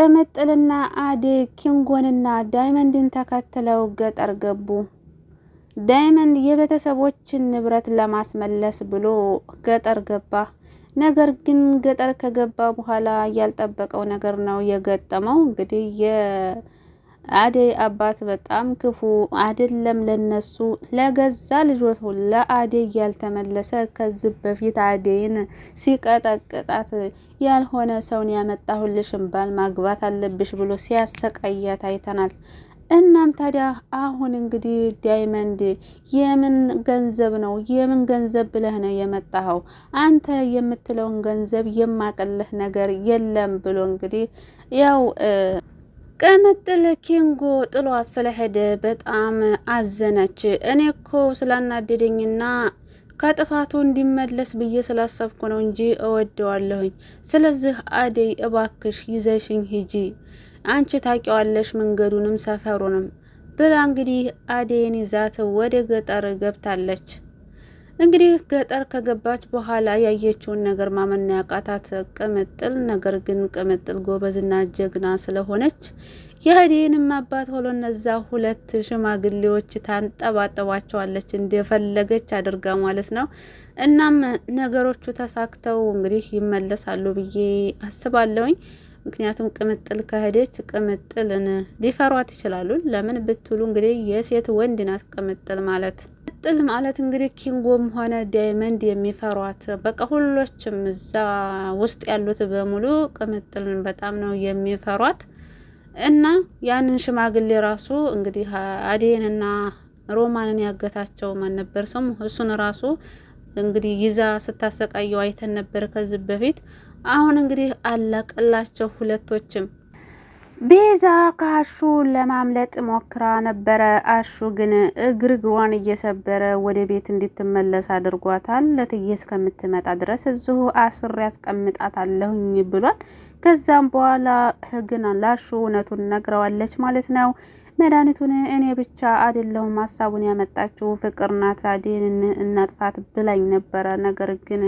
ቅምጥልና አዴ ኪንጎንና ዳይመንድን ተከትለው ገጠር ገቡ። ዳይመንድ የቤተሰቦችን ንብረት ለማስመለስ ብሎ ገጠር ገባ። ነገር ግን ገጠር ከገባ በኋላ ያልጠበቀው ነገር ነው የገጠመው። እንግዲህ አደይ አባት በጣም ክፉ አይደለም ለነሱ ለገዛ ልጆት ሁላ ያልተመለሰ ከዚህ በፊት አደይን ሲቀጠቅጣት ያልሆነ ሰውን ያመጣሁልሽን ባል ማግባት አለብሽ ብሎ ሲያሰቃያት አይተናል። እናም ታዲያ አሁን እንግዲህ ዳይመንድ የምን ገንዘብ ነው የምን ገንዘብ ብለህ ነው የመጣኸው? አንተ የምትለውን ገንዘብ የማቀልህ ነገር የለም ብሎ እንግዲህ ያው ቅምጥል ኪንጎ ጥሏት ስለሄደ በጣም አዘነች። እኔ እኮ ስላናደደኝና ከጥፋቱ እንዲመለስ ብዬ ስላሰብኩ ነው እንጂ እወደዋለሁኝ። ስለዚህ አደይ እባክሽ ይዘሽኝ ሂጂ፣ አንቺ ታቂዋለሽ መንገዱንም ሰፈሩንም ብላ እንግዲህ አደይን ይዛት ወደ ገጠር ገብታለች። እንግዲህ ገጠር ከገባች በኋላ ያየችውን ነገር ማመን ያቃታት ቅምጥል፣ ነገር ግን ቅምጥል ጎበዝና ጀግና ስለሆነች የህዲንም አባት ሆሎ እነዛ ሁለት ሽማግሌዎች ታንጠባጠባቸዋለች እንደፈለገች አድርጋ ማለት ነው። እናም ነገሮቹ ተሳክተው እንግዲህ ይመለሳሉ ብዬ አስባለሁኝ። ምክንያቱም ቅምጥል ከሄደች ቅምጥልን ሊፈሯት ይችላሉ። ለምን ብትሉ እንግዲህ የሴት ወንድ ናት ቅምጥል ማለት ሲቀጥል ማለት እንግዲህ ኪንጎም ሆነ ዳይመንድ የሚፈሯት በቃ ሁሎችም እዛ ውስጥ ያሉት በሙሉ ቅምጥልን በጣም ነው የሚፈሯት። እና ያንን ሽማግሌ ራሱ እንግዲህ አዴንና ሮማንን ያገታቸው ማን ነበር ሰሙ እሱን ራሱ እንግዲህ ይዛ ስታሰቃየው አይተን ነበር ከዚህ በፊት። አሁን እንግዲህ አለቀላቸው ሁለቶችም ቤዛ ከአሹ ለማምለጥ ሞክራ ነበረ። አሹ ግን እግርግሯን እየሰበረ ወደ ቤት እንድትመለስ አድርጓታል። ለትዬ እስከምትመጣ ድረስ እዚሁ አስሬ ያስቀምጣታለሁኝ ብሏል። ከዛም በኋላ ህግን ላሹ እውነቱን ነግረዋለች ማለት ነው። መድኃኒቱን እኔ ብቻ አይደለሁም ሀሳቡን ያመጣችው ፍቅር ናት፣ አዴንን እናጥፋት ብላኝ ነበረ ነገር ግን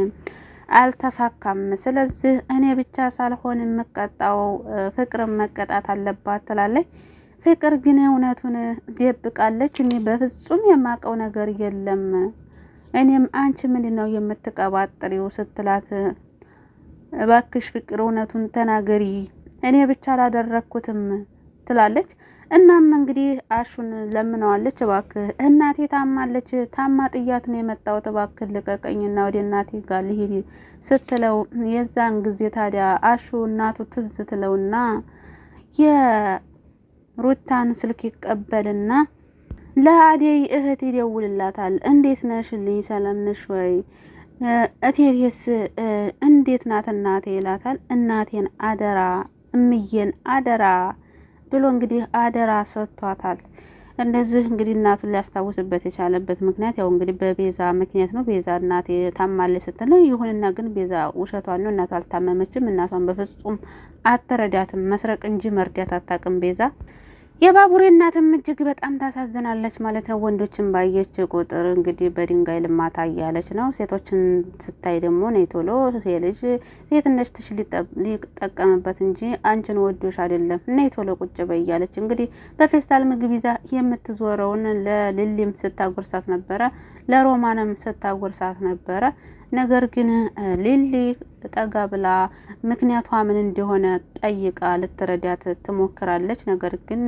አልተሳካም። ስለዚህ እኔ ብቻ ሳልሆን የምቀጣው ፍቅርን መቀጣት አለባት ትላለች። ፍቅር ግን እውነቱን ደብቃለች። እኔ በፍጹም የማውቀው ነገር የለም። እኔም አንቺ ምንድን ነው የምትቀባጥሪው ስትላት፣ እባክሽ ፍቅር እውነቱን ተናገሪ፣ እኔ ብቻ አላደረግኩትም ትላለች። እናም እንግዲህ አሹን ለምነዋለች። እባክህ እናቴ ታማለች፣ ታማ ጥያት ነው የመጣሁት፣ እባክህ ልቀቀኝና ወደ እናቴ ጋር ልሂድ ስትለው የዛን ጊዜ ታዲያ አሹ እናቱ ትዝ ስትለውና የሩታን ስልክ ይቀበልና ለአዴይ እህት ይደውልላታል። እንዴት ነሽልኝ? ሰላም ነሽ ወይ? እቴቴስ እንዴት ናት እናቴ ይላታል። እናቴን አደራ፣ እምዬን አደራ ብሎ እንግዲህ አደራ ሰጥቷታል። እንደዚህ እንግዲህ እናቱን ሊያስታውስበት የቻለበት ምክንያት ያው እንግዲህ በቤዛ ምክንያት ነው። ቤዛ እናቴ ታማለች ስትል ነው። ይሁንና ግን ቤዛ ውሸቷን ነው። እናቷ አልታመመችም። እናቷን በፍጹም አትረዳትም። መስረቅ እንጂ መርዳት አታውቅም ቤዛ የባቡሬ እናትም እጅግ በጣም ታሳዝናለች ማለት ነው። ወንዶችን ባየች ቁጥር እንግዲህ በድንጋይ ልማታ እያለች ነው። ሴቶችን ስታይ ደግሞ ነይ ቶሎ የልጅ ሴትነሽ ትሽ ሊጠቀምበት እንጂ አንቺን ወዶሽ አይደለም ነይ ቶሎ ቁጭ በይ እያለች እንግዲህ በፌስታል ምግብ ይዛ የምትዞረውን ለልሊም ስታጎርሳት ነበረ፣ ለሮማንም ስታጎርሳት ነበረ። ነገር ግን ሊሊ ጠጋ ብላ ምክንያቷ ምን እንደሆነ ጠይቃ ልትረዳት ትሞክራለች። ነገር ግን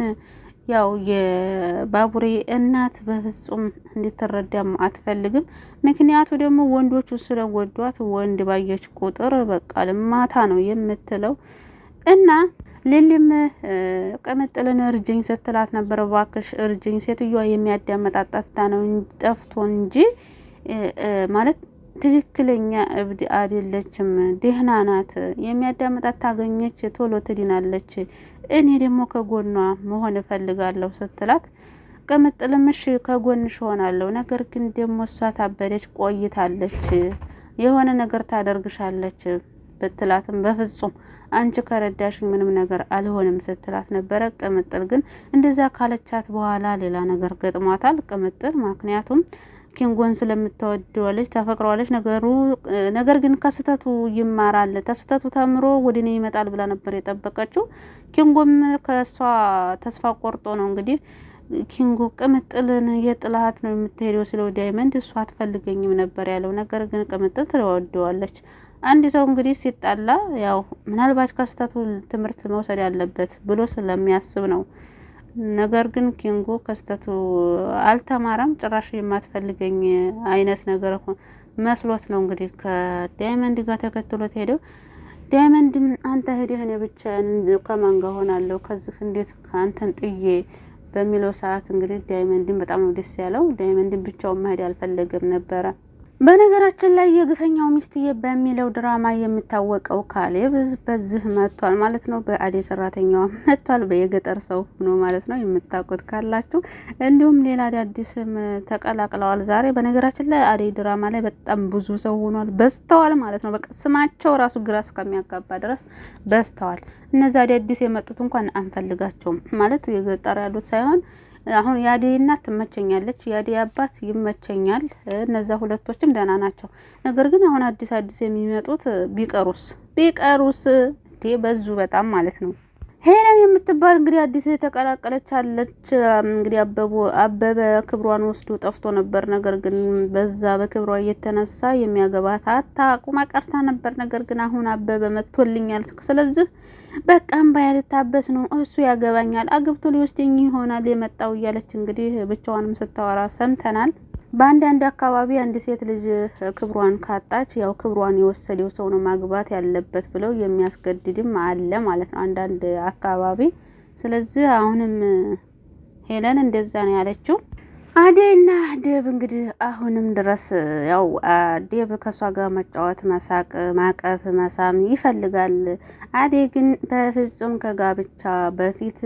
ያው የባቡሬ እናት በፍጹም እንድትረዳም አትፈልግም። ምክንያቱ ደግሞ ወንዶቹ ስለወዷት ወንድ ባየች ቁጥር በቃ ልማታ ነው የምትለው እና ሊሊም ቅምጥልን እርጅኝ ስትላት ነበር። እባክሽ እርጅኝ፣ ሴትዮዋ የሚያዳመጣት ጠፍታ ነው ጠፍቶ እንጂ ማለት ትክክለኛ እብድ አይደለችም፣ ደህና ናት። የሚያዳምጣት ታገኘች፣ ቶሎ ትድናለች። እኔ ደግሞ ከጎኗ መሆን እፈልጋለሁ ስትላት ቅምጥልምሽ ከጎንሽ እሆናለሁ ነገር ግን ደግሞ እሷ ታበደች፣ ቆይታለች፣ የሆነ ነገር ታደርግሻለች ብትላትም በፍጹም አንቺ ከረዳሽኝ ምንም ነገር አልሆንም ስትላት ነበረ። ቅምጥል ግን እንደዛ ካለቻት በኋላ ሌላ ነገር ገጥሟታል። ቅምጥል ምክንያቱም ኪንጎን ስለምትወደዋለች ተፈቅረዋለች። ነገሩ ነገር ግን ከስህተቱ ይማራል ተስህተቱ ተምሮ ወደ እኔ ይመጣል ብላ ነበር የጠበቀችው። ኪንጎም ከእሷ ተስፋ ቆርጦ ነው እንግዲህ ኪንጎ ቅምጥልን የጥላት ነው የምትሄደው ስለው ዳይመንድ እሷ አትፈልገኝም ነበር ያለው። ነገር ግን ቅምጥል ትወደዋለች። አንድ ሰው እንግዲህ ሲጣላ ያው ምናልባት ከስህተቱ ትምህርት መውሰድ ያለበት ብሎ ስለሚያስብ ነው ነገር ግን ኪንጎ ከስተቱ አልተማረም። ጭራሽ የማትፈልገኝ አይነት ነገር መስሎት ነው እንግዲህ ከዳይመንድ ጋር ተከትሎት ሄደው ዳይመንድም አንተ ሄደህ እኔ ብቻ ከማን ጋር ሆናለሁ ከዚህ እንዴት ከአንተን ጥዬ በሚለው ሰዓት እንግዲህ ዳይመንድን በጣም ነው ደስ ያለው። ዳይመንድን ብቻውን መሄድ አልፈለገም ነበረ። በነገራችን ላይ የግፈኛው ሚስትዬ በሚለው ድራማ የሚታወቀው ካሌብ በዚህ መጥቷል ማለት ነው። በአዴ ሰራተኛዋ መጥቷል። በየገጠር ሰው ሆኖ ማለት ነው የምታውቁት ካላችሁ። እንዲሁም ሌላ አዳዲስም ተቀላቅለዋል ዛሬ። በነገራችን ላይ አዴ ድራማ ላይ በጣም ብዙ ሰው ሆኗል፣ በዝተዋል ማለት ነው። በቃ ስማቸው ራሱ ግራ እስከሚያጋባ ድረስ በዝተዋል። እነዚ አዳዲስ የመጡት እንኳን አንፈልጋቸውም ማለት የገጠር ያሉት ሳይሆን አሁን የአደይ እናት ትመቸኛለች፣ የአደይ አባት ይመቸኛል። እነዛ ሁለቶችም ደህና ናቸው። ነገር ግን አሁን አዲስ አዲስ የሚመጡት ቢቀሩስ ቢቀሩስ እንዴ በዙ በጣም ማለት ነው። ሄለን የምትባል እንግዲህ አዲስ የተቀላቀለች አለች። እንግዲህ አበበ ክብሯን ወስዶ ጠፍቶ ነበር። ነገር ግን በዛ በክብሯ እየተነሳ የሚያገባት አታቁማ ቀርታ ነበር። ነገር ግን አሁን አበበ መጥቶልኛል፣ ስለዚህ በቃም ባያልታበስ ነው እሱ ያገባኛል፣ አግብቶ ሊወስደኝ ይሆናል የመጣው እያለች እንግዲህ ብቻዋንም ስታወራ ሰምተናል። በአንዳንድ አካባቢ አንድ ሴት ልጅ ክብሯን ካጣች ያው ክብሯን የወሰደው ሰው ነው ማግባት ያለበት ብለው የሚያስገድድም አለ ማለት ነው፣ አንዳንድ አካባቢ። ስለዚህ አሁንም ሄለን እንደዛ ነው ያለችው። አደይና ደብ እንግዲህ አሁንም ድረስ ያው ደብ ከእሷ ጋር መጫወት፣ መሳቅ፣ ማቀፍ፣ መሳም ይፈልጋል። አደይ ግን በፍጹም ከጋብቻ በፊት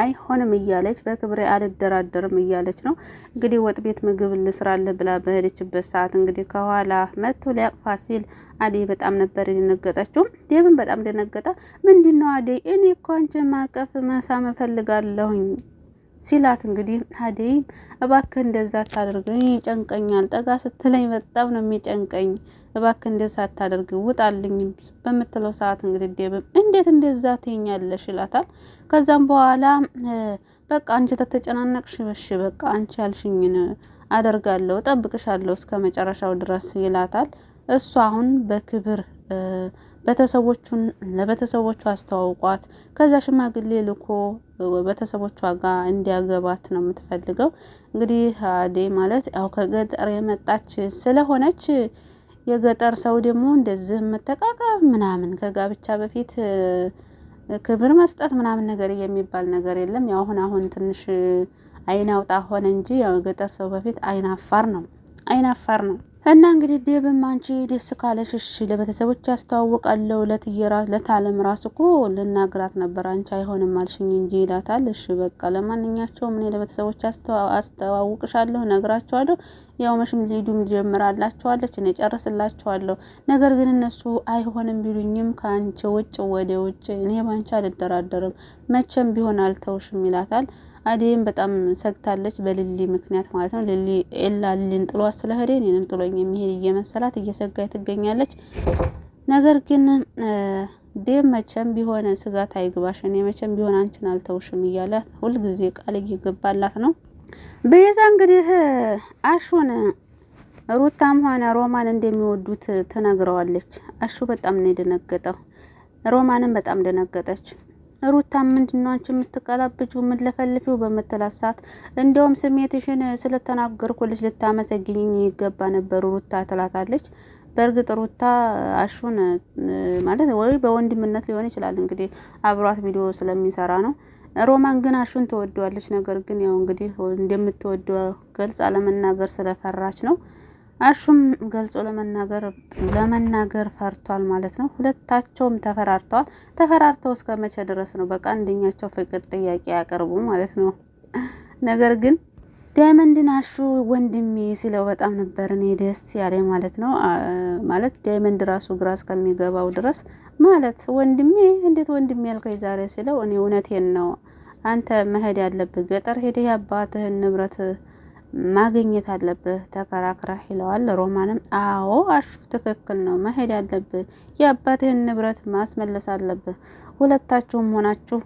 አይሆንም እያለች በክብሬ አልደራደርም እያለች ነው። እንግዲህ ወጥ ቤት ምግብ ልስራለህ ብላ በሄደችበት ሰዓት እንግዲህ ከኋላ መጥቶ ሊያቅፋ ሲል አደይ በጣም ነበር የደነገጠችው። ደብን በጣም ደነገጠ። ምንድን ነው አደይ፣ እኔ እኮ አንቺን ማቀፍ መሳም እፈልጋለሁኝ ሲላት እንግዲህ አደይ እባክህ እንደዛ አታድርገኝ፣ ይጨንቀኛል። ጠጋ ስትለኝ በጣም ነው የሚጨንቀኝ፣ እባክህ እንደዛ አታድርግ፣ ውጣልኝ በምትለው ሰዓት እንግዲህ ደብም እንዴት እንደዛ ትኛለሽ ይላታል። ከዛም በኋላ በቃ አንቺ ተተጨናነቅሽ፣ እሺ በቃ አንቺ ያልሽኝን አደርጋለሁ፣ ጠብቅሻለሁ እስከ መጨረሻው ድረስ ይላታል። እሱ አሁን በክብር ቤተሰቦቹን ለቤተሰቦቹ አስተዋውቋት ከዛ ሽማግሌ ልኮ ቤተሰቦቿ ጋር እንዲያገባት ነው የምትፈልገው። እንግዲህ አዴ ማለት ያው ከገጠር የመጣች ስለሆነች የገጠር ሰው ደግሞ እንደዚህ መተቃቀብ ምናምን ከጋብቻ በፊት ክብር መስጠት ምናምን ነገር የሚባል ነገር የለም። ያው አሁን አሁን ትንሽ አይናውጣ ሆነ እንጂ ያው የገጠር ሰው በፊት አይናፋር ነው አይናፋር ነው። እና እንግዲህ ዴብም አንቺ ደስ ካለሽ እሺ ለቤተሰቦች ያስተዋውቃለሁ። ለታለም ራሱ እኮ ልናግራት ነበር አንቺ አይሆንም አልሽኝ እንጂ ይላታል። እሺ በቃ ለማንኛቸውም እኔ ለቤተሰቦች አስተዋውቅሻለሁ፣ ነግራቸዋለሁ። ያው መሽም ሊዱም ጀምራላቸዋለች፣ እኔ ጨርስላቸዋለሁ። ነገር ግን እነሱ አይሆንም ቢሉኝም ከአንቺ ውጭ ወደ ውጭ እኔ ባንቺ አልደራደርም፣ መቼም ቢሆን አልተውሽም ይላታል። አደይም በጣም ሰግታለች፣ በልሊ ምክንያት ማለት ነው። ልሊ ኤላ ልሊን ጥሏት ስለሄደ እኔንም ጥሎኝ የሚሄድ እየመሰላት እየሰጋች ትገኛለች። ነገር ግን ዴም መቼም ቢሆን ስጋት አይግባሽ፣ እኔ መቼም ቢሆን አንቺን አልተውሽም እያለ ሁልጊዜ ቃል እየገባላት ነው። በየዛ እንግዲህ አሹን ሩታም ሆነ ሮማን እንደሚወዱት ትነግረዋለች። አሹ በጣም ነው የደነገጠው። ሮማንም በጣም ደነገጠች። ሩታ ምንድን ነው አንቺ የምትቀላብጂው የምትለፈልፊው በምትላት ሰዓት እንዲያውም ስሜትሽን ስለተናገርኩልሽ ልታመሰግኝ ይገባ ነበር ሩታ ትላታለች። በእርግጥ ሩታ አሹን ማለት ወይ በወንድምነት ሊሆን ይችላል እንግዲህ አብሯት ቪዲዮ ስለሚሰራ ነው። ሮማን ግን አሹን ትወደዋለች። ነገር ግን ያው እንግዲህ እንደምትወደው ገልጽ አለመናገር ስለፈራች ነው። አሹም ገልጾ ለመናገር ለመናገር ፈርቷል ማለት ነው። ሁለታቸውም ተፈራርተዋል። ተፈራርተው እስከ መቼ ድረስ ነው? በቃ አንደኛቸው ፍቅር ጥያቄ ያቀርቡ ማለት ነው። ነገር ግን ዳይመንድን አሹ ወንድሜ ሲለው በጣም ነበር እኔ ደስ ያለ ማለት ነው። ማለት ዳይመንድ ራሱ ግራ እስከሚገባው ድረስ ማለት ወንድሜ እንዴት ወንድሜ ያልከኝ ዛሬ ሲለው እኔ እውነቴን ነው አንተ መሄድ ያለብህ ገጠር ሄደህ አባትህን ንብረት ማግኘት አለብህ ተከራክረህ ይለዋል። ሮማንም አዎ አሹፍ ትክክል ነው መሄድ አለብህ፣ የአባትህን ንብረት ማስመለስ አለብህ። ሁለታችሁም ሆናችሁ